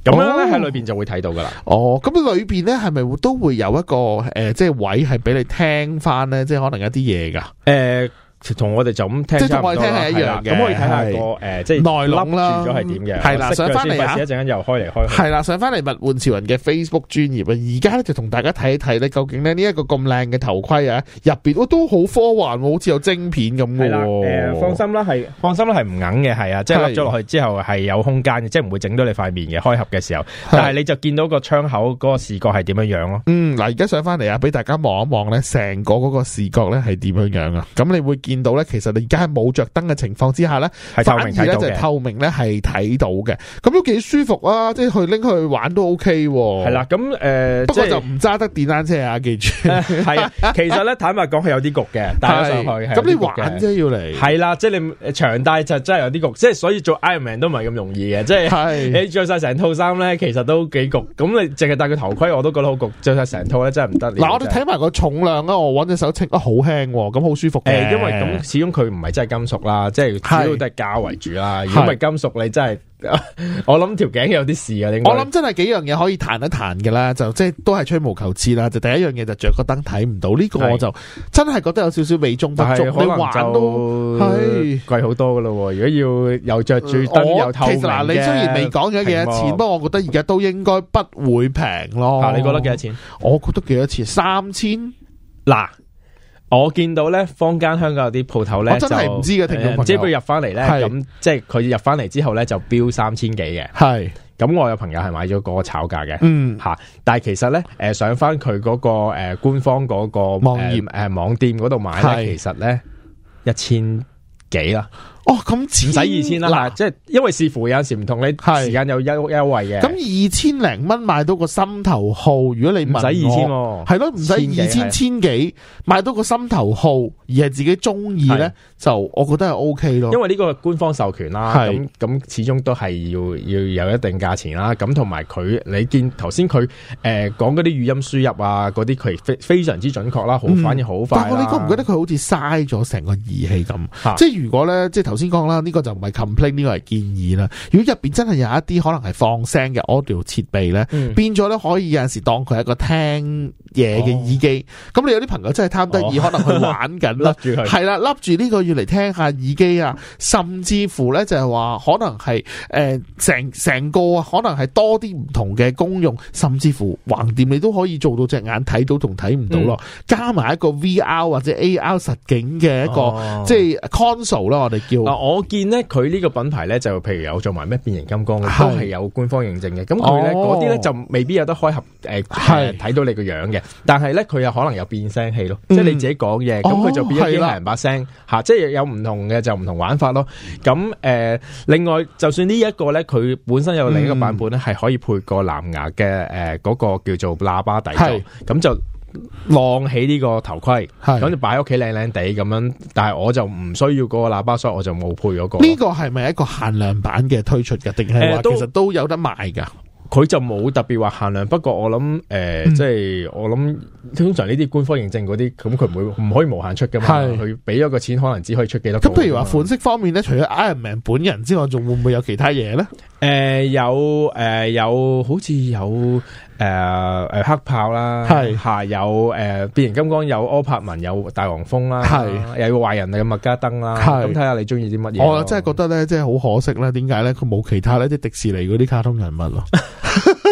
咁咧喺裏
邊就會睇到噶啦。
哦，咁裏邊咧係咪都會有一個誒、呃，即係位係俾你聽翻咧，即係可能一啲嘢噶。誒、呃。同我哋就咁聽差唔多嘅，咁可以睇下個誒，即係內凹啦，戴咗係點嘅？係啦，上翻嚟嚇，一陣間又開嚟開。係啦，上翻嚟物玩潮人嘅 Facebook 專頁啊！而家咧就同大家睇一睇咧，究竟咧呢一個咁靚嘅頭盔啊，入邊我都好科幻，好似有晶片咁嘅。誒，放心啦，係放心啦，係唔硬嘅，係啊，即係笠咗落去之後係有空間
嘅，即係唔會整到你塊面嘅。開合嘅時候，但係你就見到個窗口嗰個視覺係點樣樣咯。
嗯，嗱，而家上翻嚟啊，俾大家望一望咧，成個嗰個視覺咧係點樣樣啊？咁你會，見到咧，其實你而家喺冇着燈嘅情況之下咧，透明反而咧就透明咧係睇到嘅。咁都幾舒服啊！即係去拎去玩都 OK 喎、啊。係啦，咁誒、呃、不過就唔揸得電單車啊！記住係。呃、 其實咧坦白講係有啲焗嘅，戴咗上去。咁你玩啫
要嚟。係啦，即係你長戴就真係有啲焗。即係所以做 Iron Man 都唔係咁容易嘅。即係的你着晒成套衫咧，其實都幾焗。咁你淨係戴個頭盔我都覺得好焗。着晒成套咧真係唔得。嗱，我哋睇
埋個重量啦，我揾隻手稱，好輕喎，咁好舒服嘅、欸。因為咁始
終佢唔係真係金屬啦，即係主要都係膠為主啦。如果係金屬，你真係我諗條頸有啲事啊。我諗
真係幾樣嘢可以彈一彈噶啦，就即係都係吹毛求疵啦。就第一樣嘢就着個燈睇唔到呢個，我就真係覺得有少少美中不足。是你還都貴好多噶咯。是如果要又着住燈又透明嘅，其實嗱，你雖然未講咗幾多錢，不過的我覺得而家都應該不會平咯、啊。你覺得幾多錢？我覺得幾多錢？三千嗱。我見到咧，坊間香港有啲鋪
頭咧，就即係佢入翻嚟咧，咁即係佢入翻嚟之後咧，就標三千幾嘅。係咁是，我有朋友係買咗個炒價嘅，嗯吓，但係其實咧，誒、呃、上翻佢嗰個誒、呃、官方嗰、嗰個網，頁、呃、網店誒網店嗰度買咧，是其實咧一
千幾啦。哦，咁唔使二千、啦、嗱，即
係因為視乎有陣時唔同，你
時間有優優惠嘅。咁二千零蚊買到個心頭號，如果你唔使二千，係咯，唔使二千千幾，買到個心頭號而係自己中意咧，是就我覺得係 O K 咯。因為
呢個官方授權啦，咁咁
是始終都係要
要有一定價錢啦。咁同埋佢，你見頭先佢誒講嗰啲語音輸入啊，
嗰啲佢非非常之準確啦，好，反應好快。嗯、但係你覺唔覺得佢好似嘥咗成個儀器咁的？即係如果咧，即係頭。先講啦，呢、這個就唔係 complain，呢個係建議啦。如果入邊真係有一啲可能係放聲嘅 audio 設備咧，嗯、變咗咧可以有陣時當佢係一個聽嘢嘅耳機。咁、哦、你有啲朋友真係貪得意，哦、可能去玩緊，笠 住佢係啦，笠住呢個要嚟聽下耳機啊，甚至乎咧就係話可能係誒、呃、成成個可能係多啲唔同嘅功用，甚至乎橫掂你都可以做到隻眼睇到同睇唔到咯。嗯、加埋一個 VR 或者 AR 實景嘅一個、哦、即
係 console 啦，我哋叫。嗱，我見咧佢呢個品牌咧，就譬如有做埋咩變形金剛都係有官方認證嘅。咁佢咧嗰啲咧就未必有得開合誒，睇、呃、是到你個樣嘅。但係咧佢有可能有變聲器咯，嗯、即係你自己講嘢，咁佢、哦、就變一啲人把聲的即係有唔同嘅就唔同玩法咯。咁誒、呃，另外就算呢一個咧，佢本身有另一個版本咧，係、嗯、可以配個藍牙嘅誒嗰個叫做喇叭底座咁是就。晾起呢個頭盔，咁就擺喺屋企靚靚地咁樣。但係我就唔需要嗰個喇叭，所以我就冇配嗰、那個。呢個
係咪一個限量版嘅推出嘅？定係其實都，的、
呃、都有得賣噶？佢就冇特別話限量。不過我諗，誒、呃，即、就、係、是、我諗，通常呢啲官方認證嗰啲，咁佢唔會唔可以無限出噶嘛？佢俾咗個錢，可能只可以出幾多。咁譬如話
款式方面咧，嗯、除咗 Iron Man 本人之外，仲會唔會有其他嘢咧？誒、呃，有誒、呃，有好似有。誒誒，黑豹啦，係
吓有誒，變形金剛有柯柏文，有大黃蜂啦，係有個壞人嚟嘅麥加
登啦，咁睇下你中意啲乜嘢？我真係覺得咧，即係好可惜咧，點解咧？佢冇其他咧，啲迪士尼嗰啲卡通人物咯，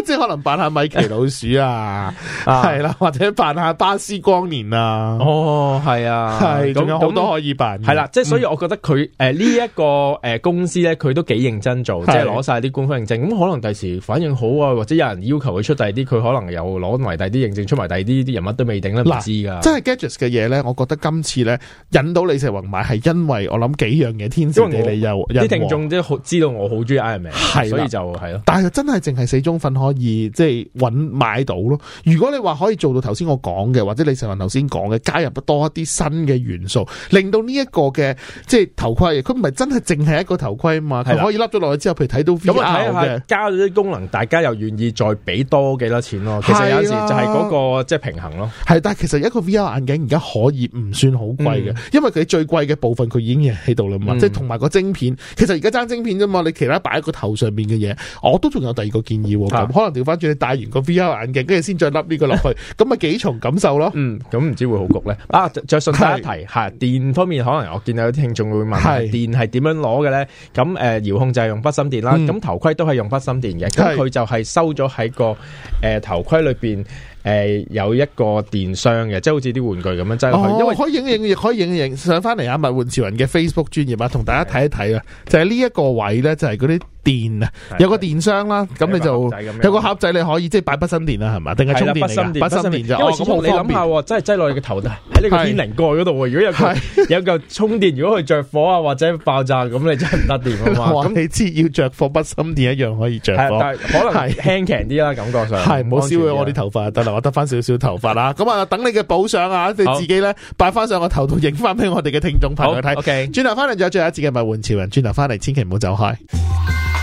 即係可能扮下米奇老鼠啊，係啦，或者扮下巴斯光年啊，哦，係啊，係咁，咁都可以扮，係啦，即係所以
我覺得佢誒呢一個誒公司咧，佢都幾認真做，即係攞晒啲官方認證，咁可能第時反應好啊，或者有人要求佢出第。啲佢可能又攞埋第二啲認證出埋第
二啲，啲人物都未定咧，唔知噶。真係 Gadgets 嘅嘢咧，我覺得今次咧引到李世宏買，係因為我諗幾樣嘢，天時地利又，又啲聽眾
即係好知道我好中意 Iron Man，的所以就係
咯。但係真係淨係死忠粉可以即係揾買到咯。如果你話可以做到頭先我講嘅，或者李世宏頭先講嘅加入得多一啲新嘅元素，令到呢一個嘅即係頭盔，佢唔係真係淨係一個頭盔啊嘛，係，的可以笠咗落去之後，譬如睇到 VR 嘅，看看
加咗啲功能，大家又願意再俾多嘅。幾多錢咯？其實有時就係嗰個即
係平衡咯。係，但係其實一個 VR 眼鏡而家可以唔算好貴嘅，因為佢最貴嘅部分佢已經喺度啦嘛，即係同埋個晶片。其實而家爭晶片啫嘛，你其他擺喺個頭上面嘅嘢，我都仲有第二個建議。咁可能調翻轉，你戴完個 VR 眼鏡，跟住先再笠呢個落去，咁咪幾重感受咯。嗯，咁唔知會好焗咧。啊，再順帶一提，係電方面，可能我
見有啲聽眾會問，電係點樣攞嘅咧？咁誒，遙控就係用筆芯電啦，咁頭盔都係用筆芯電嘅，咁佢就係收咗喺個。誒、呃，頭盔裏邊誒、呃、有
一個電箱嘅，即係好似啲玩具咁樣，即係佢，哦、因為可以影影，亦可以影影上翻嚟物玩潮人嘅 Facebook 專頁啊，同大家睇一睇啊，就係呢一個位咧，就係嗰啲。電啊，有個電箱啦，咁你就有個盒仔，你可以即係擺筆芯電啦，係咪？定係充電筆芯電就？因為好方便。你諗
下，真係擠落你個頭度，喺呢個天靈蓋嗰度。如果有有嚿充電，如果佢着火啊或者爆炸，咁你真係唔得掂啊嘛。咁
你知要着火筆芯電一樣可以着火。但可能係輕鬆啲啦，感覺上係。唔好燒毀我啲頭髮得啦，我得翻少少頭髮啦。咁啊，等你嘅補相啊，你自己咧擺翻上個頭度影翻俾我哋嘅聽眾朋友睇。轉頭翻嚟仲有最後一次嘅物玩潮人，轉頭翻嚟千祈唔好走開。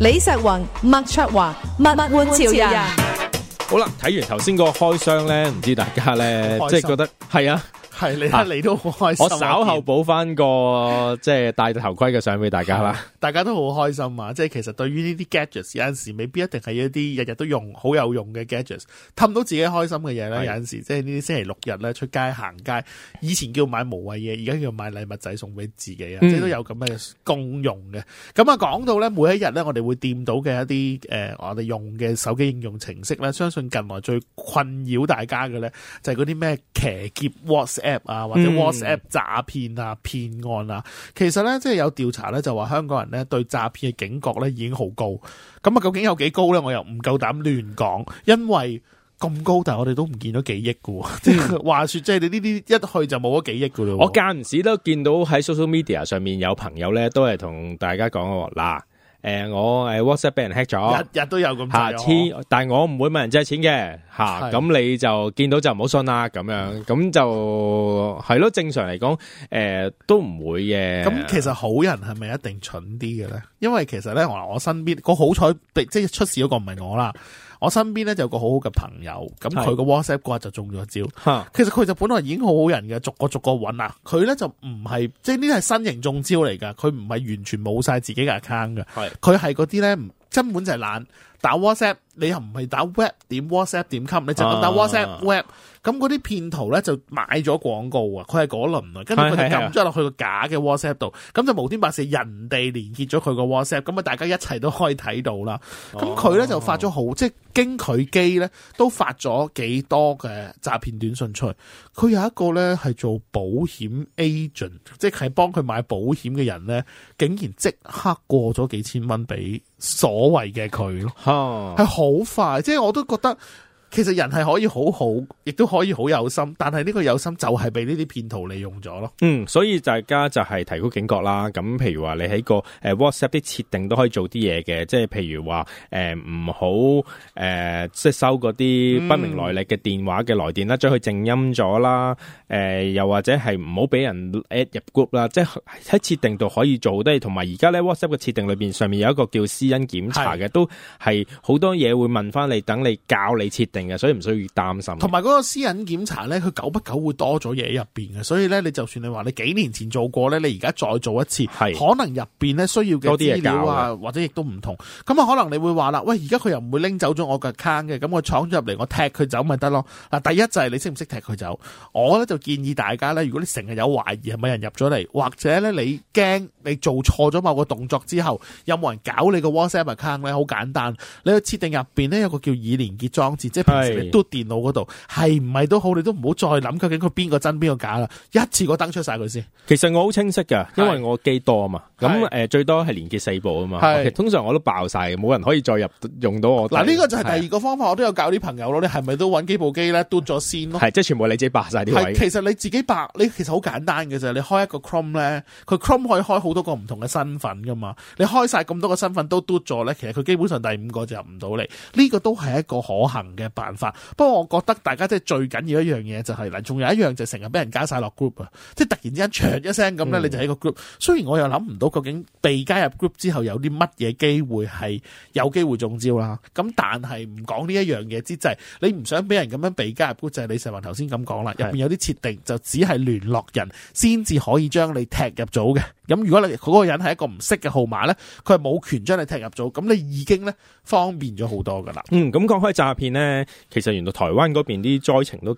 李石宏、麥卓華、物玩潮人。
好啦，睇完頭先個開箱咧，唔知大家咧，即係覺得係啊。
係你睇，你都好、啊、開心。我稍後
補翻個即係戴頭盔嘅相俾大家啦。
大家都好開心啊！即係其實對於呢啲 gadgets，有陣時未必一定係一啲日日都用好有用嘅 gadgets，氹到自己開心嘅嘢啦，有陣時即係呢啲星期六日咧，出街行街，以前叫買無謂嘢，而家叫買禮物仔送俾自己啊！嗯、即係都有咁嘅共用嘅。咁啊，講到咧，每一日咧、呃，我哋會掂到嘅一啲誒，我哋用嘅手機應用程式咧，相信近來最困擾大家嘅咧，就係嗰啲咩騎劫 WhatsApp。App 啊，或者 WhatsApp、嗯、詐騙啊、騙案啊，其實咧，即係有調查咧，就話香港人咧對詐騙嘅警覺咧已經好高。咁啊，究竟有幾高咧？我又唔夠膽亂講，因為咁高，但係我哋都唔見到幾億喎，即係。嗯、話說即係你呢啲一去就冇咗幾
億嘅咯。我間唔時都見到喺 social media 上面有朋友咧，都係同大家講嗱。誒、欸，我誒 WhatsApp 俾人 hack 咗，日日
都有咁下，下
次我但係我唔會問人借錢嘅，吓咁的、啊、你就見到就唔好信啦咁樣，咁就係咯，正常嚟講，誒、欸、都唔會嘅。咁其
實好人係咪一定蠢啲嘅咧？因為其實咧，我我身邊個好彩，即係出事嗰個唔係我啦。我身邊咧就有個好好嘅朋友，咁佢個 WhatsApp 嗰日就中咗招。是其實佢就本來已經好好人嘅，逐個逐個揾啦。佢咧就唔係，即係呢啲係新型中招嚟㗎。佢唔係完全冇晒自己嘅 account 㗎。佢係嗰啲咧，根本就係懶。打 WhatsApp，你又唔係打 web 點 WhatsApp 點 COM，你就咁打 WhatsApp、啊、web。咁嗰啲騙徒咧就買咗廣告啊，佢係嗰輪啊，跟住佢哋撳咗落去個假嘅 WhatsApp 度，咁就無端端是人哋連結咗佢個 WhatsApp，咁啊大家一齊都可以睇到啦。咁佢咧就發咗好，啊、即係經佢機咧都發咗幾多嘅詐騙短信出嚟。佢有一個咧係做保險 agent，即係幫佢買保險嘅人咧，竟然即刻過咗幾千蚊俾所謂嘅佢咯。係好快，即係我都覺得。其實人係可以好好，亦都可以好有心，但係呢個有心就係被呢啲騙徒利用咗咯。嗯，
所以大家就係提高警覺啦。咁譬如話你喺個誒 WhatsApp 啲設定都可以做啲嘢嘅，即係譬如話誒唔好誒即係收嗰啲不明來歷嘅電話嘅來電啦，將佢靜音咗啦。誒、呃，又或者係唔好俾人 add 入 group 啦。即係喺設定度可以做好多嘢。同埋而家咧 WhatsApp 嘅設定裏邊上面有一個叫私隱檢查嘅，是的。都係好多嘢會問翻你，等你教你
設定。所以唔需要擔心，同埋嗰個私隱檢查呢，佢久不久會多咗嘢入邊嘅，所以呢，你就算你話你幾年前做過呢，你而家再做一次，是可能入面呢需要嘅資料啊，或者亦都唔同，咁啊可能你會話啦，喂，而家佢又唔會拎走咗我個 account 嘅，咁我闖咗入嚟，我踢佢走咪得咯？嗱，第一就係你識唔識踢佢走？我咧就建議大家呢，如果你成日有懷疑係咪人入咗嚟，或者呢，你驚你做錯咗某個動作之後有冇人搞你個 WhatsApp account 呢，好簡單，你去設定入邊呢，有個叫以連結裝置，即係係嘟 o 電腦嗰度係唔係都好？你都唔好再諗究竟佢邊個真邊個假啦。一次個登出晒佢先。
其實我好清晰噶，因為我機多啊嘛。咁誒是，呃、是最多係連結四部啊嘛。是通常我都爆晒，冇人可以再入用到我。嗱是，呢個就係第二個
方法，是我都有教啲朋友咯。你係咪都揾幾部機咧嘟咗先咯，啊？即
係全部你自己爆晒啲位。其
實你自己爆，你其實好簡單嘅啫。你開一個 Chrome 咧，佢 Chrome 可以開好多個唔同嘅身份噶嘛。你開晒咁多個身份都嘟咗咧，其實佢基本上第五個就入唔到嚟。呢、這個都係一個可行嘅。法，不過我覺得大家即係最緊要一樣嘢就係、是、嗱，仲有一樣就成日俾人加晒落 group 啊，即係突然之間長一聲咁咧，你就喺個 group。雖然我又諗唔到究竟被加入 group 之後有啲乜嘢機會係有機會中招啦。咁但係唔講呢一樣嘢之際，就是、你唔想俾人咁樣被加入 group，就係李世文頭先咁講啦。入面有啲設定就只係聯絡人先至可以將你踢入組嘅。咁如果你嗰個人係一個唔識嘅號碼咧，佢係冇權將你踢入組。咁你已經咧方便咗好多噶啦。嗯，
咁講開詐騙咧，其實原來台灣嗰邊啲災情都。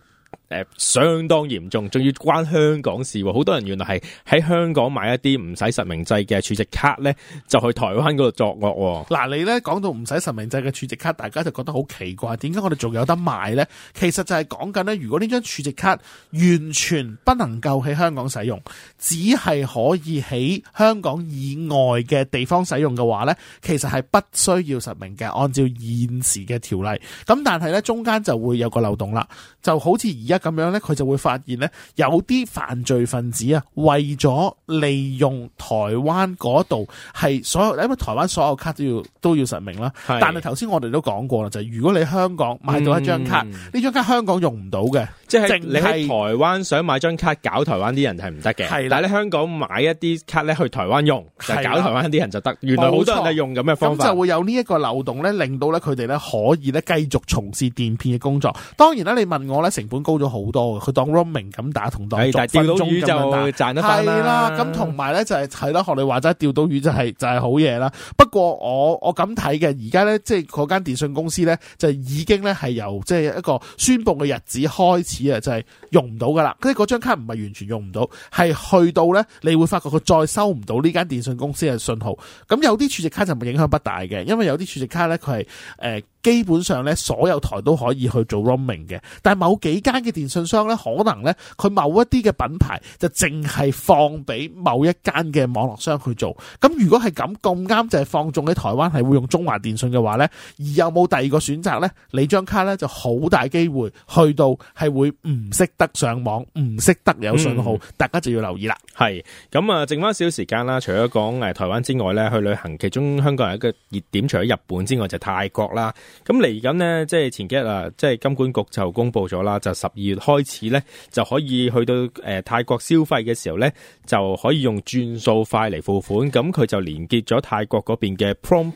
誒，相當嚴重，仲要關香港事喎。好多人原來係喺香港買一啲唔使實名制嘅儲值卡呢，就去台灣嗰度作惡。
嗱、啊，你呢講到唔使實名制嘅儲值卡，大家就覺得好奇怪，點解我哋仲有得賣呢？其實就係講緊呢，如果呢張儲值卡完全不能夠喺香港使用，只係可以喺香港以外嘅地方使用嘅話呢，其實係不需要實名嘅。按照現時嘅條例，咁但係呢中間就會有個漏洞啦，就好似。而家咁樣咧，佢就會發現咧，有啲犯罪分子啊，為咗利用台灣嗰度，係所有，因為台灣所有卡都要都要實名啦。是但係頭先我哋都講過啦，就係、是、如果你香港買到一張卡，呢、嗯、張卡香港用唔到嘅，即係你喺
台灣想買張卡搞台灣啲人係唔得嘅。係。的但係你香港買一啲卡咧去台灣用，的搞台灣啲人就得。原來好多人都用咁嘅方法，就會
有呢一個漏洞咧，令到咧佢哋咧可以咧繼續從事電騙嘅工作。當然啦，你問我咧成本。高咗好多嘅，佢當 roaming 咁打同當十分鐘咁樣打，係啦。咁同埋咧就係係咯，學你話齋釣到魚就係、是、就係好嘢啦。不過我我咁睇嘅，而家咧即係嗰間電信公司咧就已經咧係由即係、就是、一個宣佈嘅日子開始啊，就係用唔到噶啦。即係嗰張卡唔係完全用唔到，係去到咧你會發覺佢再收唔到呢間電信公司嘅信號。咁有啲儲值卡就係影響不大嘅，因為有啲儲值卡咧佢係誒。基本上咧，所有台都可以去做 roaming 嘅，但係某幾間嘅電信商咧，可能咧佢某一啲嘅品牌就淨係放俾某一間嘅網絡商去做。咁如果係咁咁啱，就係放縱喺台灣係會用中華電信嘅話咧，而有冇第二個選擇咧？你張卡咧就好大機會去到係會唔識得上網，唔識得有信號，嗯、大家就要留意啦。
係咁啊，剩翻少少時間啦，除咗講誒台灣之外咧，去旅行其中香港人一個熱點，除咗日本之外就泰國啦。咁嚟緊呢，即係前幾日啊，即係金管局就公布咗啦，就十二月開始咧，就可以去到誒、呃、泰國消費嘅時候咧，就可以用轉數快嚟付款。咁佢就連結咗泰國嗰邊嘅 Prom。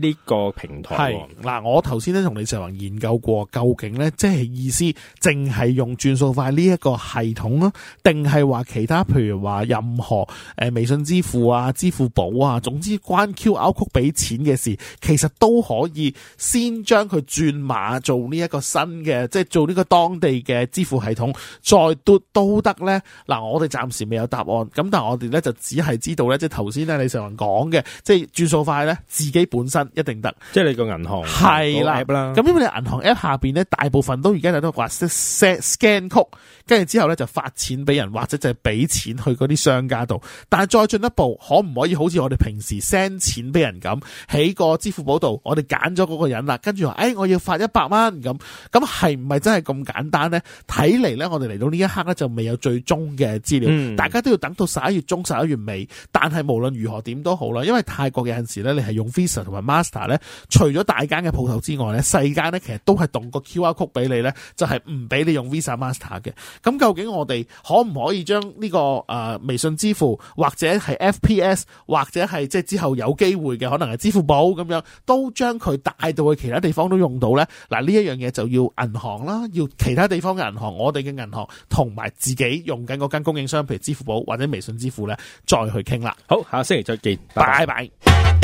呢個平台係
嗱，我頭先咧同李世宏研究過，究竟咧即係意思，淨係用轉數快呢一個系統咯，定係話其他譬如話任何誒微信支付啊、支付寶啊，總之關 Q o 凹曲俾錢嘅事，其實都可以先將佢轉碼做呢一個新嘅，即係做呢個當地嘅支付系統，再都都得咧。嗱，我哋暫時未有答案，咁但係我哋咧就只係知道咧，即係頭先咧李世宏講嘅，即係轉數快咧自己本。本身一定得，即係你個銀行係啦了，咁因為銀行 app 下邊咧，大部分都而家都係話 scan scan 曲，跟住之後咧就發錢俾人，或者就係俾錢去嗰啲商家度。但係再進一步，可唔可以好似我哋平時 send 錢俾人咁，喺個支付寶度，我哋揀咗嗰個人啦，跟住話誒我要發一百蚊咁，咁係唔係真係咁簡單咧？睇嚟咧，我哋嚟到呢一刻咧就未有最終嘅資料，嗯、大家都要等到十一月中、十一月尾。但係無論如何點都好啦，因為泰國嘅有陣時咧，你係用 Visa。Master 咧，除咗大間嘅鋪頭之外咧，世間咧其實都係動個 QR 曲俾你咧，就係唔俾你用 Visa Master 嘅。咁究竟我哋可唔可以將呢個誒微信支付或者係 FPS 或者係即係之後有機會嘅可能係支付寶咁樣，都將佢帶到去其他地方都用到咧？嗱，呢一樣嘢就要銀行啦，要其他地方嘅銀行，我哋嘅銀行同埋自己用緊嗰間供應商，譬如支付寶或者微信支付咧，再去傾啦。好，下星期再見，bye bye. 拜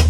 拜。